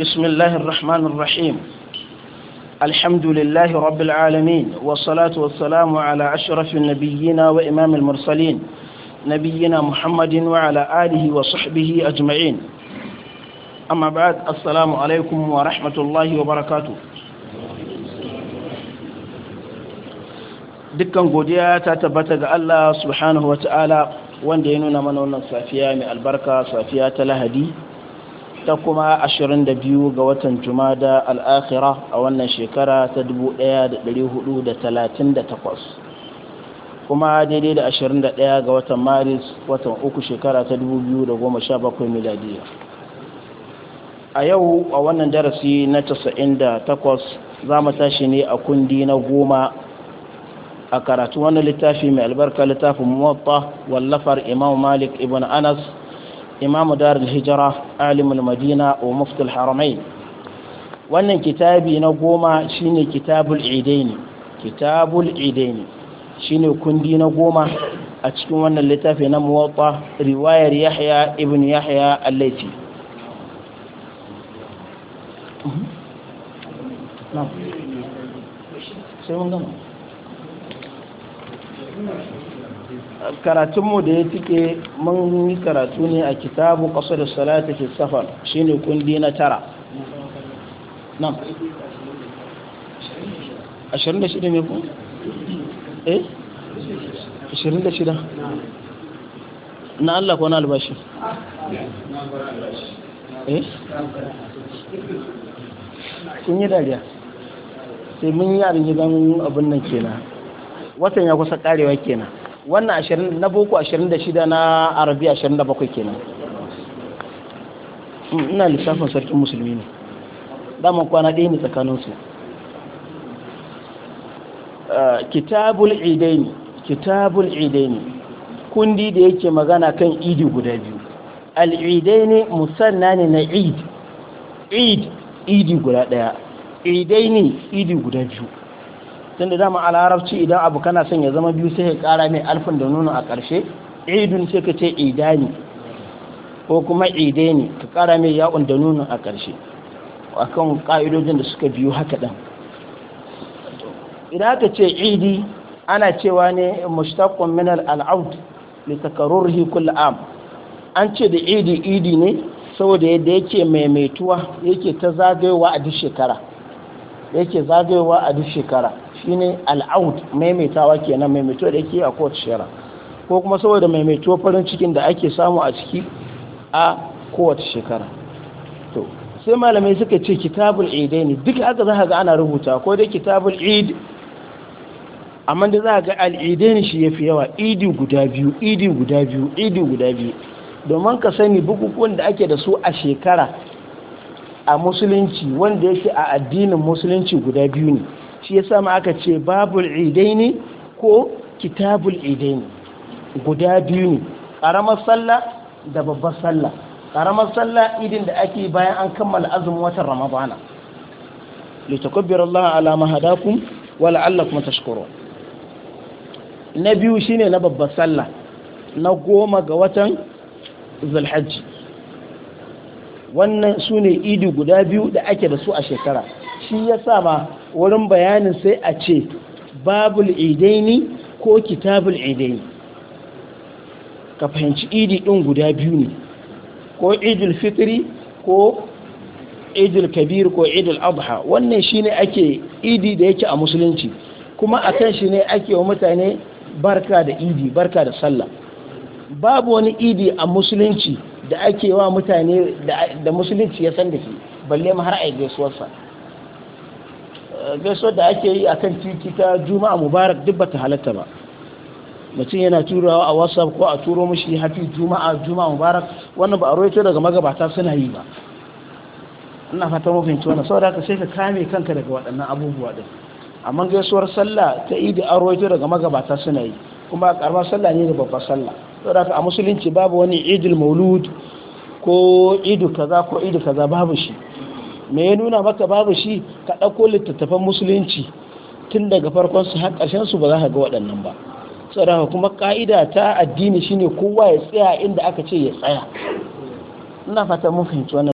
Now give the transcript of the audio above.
بسم الله الرحمن الرحيم الحمد لله رب العالمين والصلاة والسلام على أشرف النبيين وإمام المرسلين نبينا محمد وعلى آله وصحبه أجمعين أما بعد السلام عليكم ورحمة الله وبركاته دكان قديا ta الله سبحانه وتعالى وان دينونا من الله صافيا من البركة صافيا تلهدي ta kuma 22 ga watan jumada al'akhira a wannan shekara ta 1438 kuma daidai da 21 ga watan maris watan uku shekara ta 2017 miladiya a yau a wannan darasi na 98 za mu tashi ne a kundi na goma a karatu wani littafi mai albarka littafin muwatta wallafar imam malik ibn anas إمام دار الهجرة عالم المدينة ومفتي haramain wannan kitabi na goma shine kitabul idaini kitabul idaini shine kundi na goma a cikin wannan littafi na muwatta riwayar yahya ibn yahya al-laifi mhm. sai mun gama karatunmu da ya cike mun yi karatu ne a kitabu ƙasar salati fi safar shine kundi na tara nan 26 ne ku? eh? 26 na Allah ko na albashi? eh? kun yi dariya sai mun yi abin gidan abin nan kenan watan ya kusa karewa kenan wannan ashirin na boko ashirin da shida na arabi ashirin da bakwai kenan hmm, ina lissafin sarkin musulmi ne daman kwana ɗaya ne tsakaninsu ah, kitabul idaini kitabul idaini kundi da yake magana kan idi guda biyu al'idaini musanna ne na id idi guda ɗaya idaini idi guda biyu tun da dama a larabci idan abu kana son ya zama biyu sai ka kara mai alfin da nuna a ƙarshe idun sai ka ce ne, ko kuma ne, ka kara mai ya'un da nuna a ƙarshe a kan ƙa'idojin da suka biyu haka ɗan idan aka ce idi ana cewa ne mushtaqqun min al da li takarrurihi am an ce da idi idi ne saboda yadda yake maimaituwa yake ta zagayowa a duk shekara yake zagayowa a duk shekara shine al'aut maimaitawa kenan maimaito da yake a kowace shekara ko kuma saboda maimaito farin cikin da ake samu a ciki a kowace shekara to sai malamai suka ce kitabul ne duk haka za ga ana rubuta ko dai kitabul id amma da za ga al'idaini shi yafi yawa idi guda biyu idi guda biyu idi guda biyu domin ka sani bukukuwan da ake da su a shekara a musulunci wanda yake a addinin musulunci guda biyu ne shi ya sami aka ce babul idaini ko kitabul idaini guda biyu ne ƙaramar sallah da babbar sallah ƙaramar sallah idin da ake bayan an kammala azumin watan ramadana litakabbir Allah ala mahadakum wa la'allakum tashkurun na biyu shine na babbar sallah na goma ga watan zulhajji wannan su ne idi guda biyu da ake da su a shekara shi ya sa ma wurin bayanin sai a ce babul idaini ko kitabul idaini ka fahimci idi ɗin guda biyu ne ko idul fitri ko idul kabir ko idul adha wannan shi ne ake idi da yake a musulunci kuma a kan shi ne ake wa mutane barka da idi barka da sallah babu wani idi a musulunci da ake wa mutane da musulunci ya san da shi balle ma har a yi gaisuwarsa gaisuwar da ake yi akan titi ta juma'a mubarak duk bata halatta ba mutum yana turawa a whatsapp ko a turo mushi hafi juma'a juma'a mubarak wannan ba a roito daga magabata suna yi ba ina fata mafinci tona sau da sai ka kame kanka daga waɗannan abubuwa din amma gaisuwar sallah ta idi a roito daga magabata suna yi kuma a karamar sallah ne da babbar sallah saboda a musulunci babu wani idul maulud ko idu kaza ko idu kaza babu shi me ya nuna maka babu shi ka ɗauko littattafan musulunci tun daga farkon su har ƙarshen su ba za ka ga waɗannan ba saboda kuma ka'ida ta addini shine kowa ya tsaya inda aka ce ya tsaya ina fata mun fahimci wannan